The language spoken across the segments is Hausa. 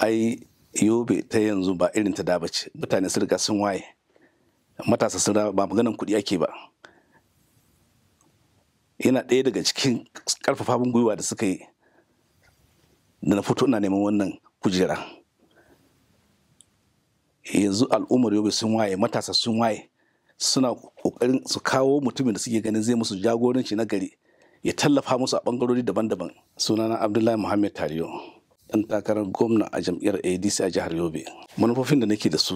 ai yobe ta yanzu ba irin ta daba ce mutane sun riga sun waye matasa sun ba maganan kuɗi ake ba yana ɗaya daga cikin ƙarfafa gwiwa da suka yi da na fito ina neman wannan kujera yanzu al'ummar yobe sun waye matasa sun waye suna ƙoƙarin su kawo mutumin da suke ganin zai musu jagoranci na gari ya tallafa musu a ɓangarori daban-daban sunana abdullahi muhammad tariyo ɗan takarar gwamna a jam'iyyar adc a jihar yobe manufofin da nake da su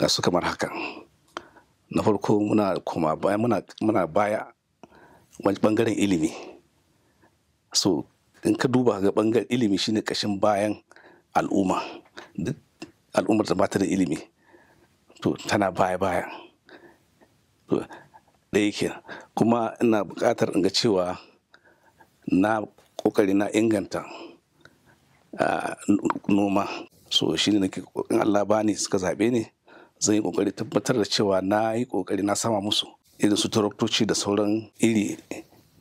ga su kamar haka na farko muna kuma baya muna baya bangaren ilimi so in ka duba ga bangaren ilimi shine kashin bayan al'umma duk al'ummar da ba ta da ilimi to tana baya baya to ɗaya ke, kuma ina buƙatar in ga cewa na ƙoƙari na inganta noma so shi ne nake kokarin Allah bani suka zaɓe ne zan yi kokari tabbatar da cewa na yi kokari na sama musu irin su taroktoci da sauran iri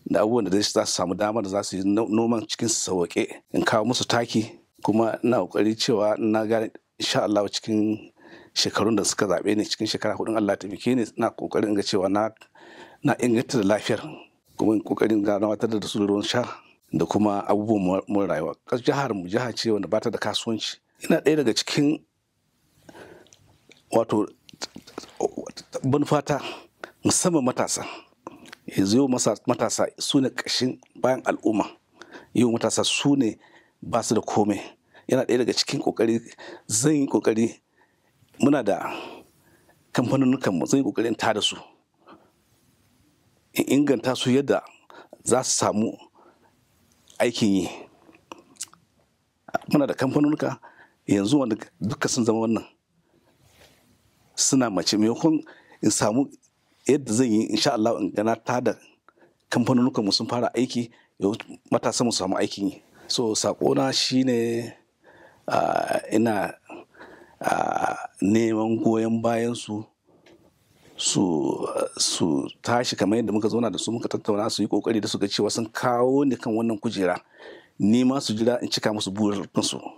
da abubuwan da za su samu dama da za su yi noman cikin sauƙe in kawo musu taki kuma na kokari cewa na ga insha Allah cikin shekarun da suka zaɓe ni cikin shekara hudun Allah ta bike ni na kokarin ga cewa na inganta da lafiyar kuma kokarin ga na watar da su ruwan sha da kuma abubuwan mun rayuwa jihar mu jiha ce wanda bata ta da kasuwanci ina ɗaya daga cikin wato banfata musamman matasa yanzu yau matasa su ne ƙashin bayan al'umma yau matasa su ne ba su da komai yana ɗaya daga cikin ƙoƙari zan yi ƙoƙari muna da kamfanonukanmu zan yi ƙoƙarin ta da su in inganta su yadda za su samu aikin yi muna da kamfanonuka yanzu wanda duka sun zama wannan suna mace maimakon in samu yadda zan yi insha Allah in gana ta da kamfanonuka mu sun fara aiki matasa mu samu aikin yi so sakona shine uh, ina ah, neman goyon bayan su su su tashi kamar yadda muka zauna da su muka tattauna su yi kokari da su ga cewa sun kawo ni kan wannan kujera ni ma su jira in cika musu burinsu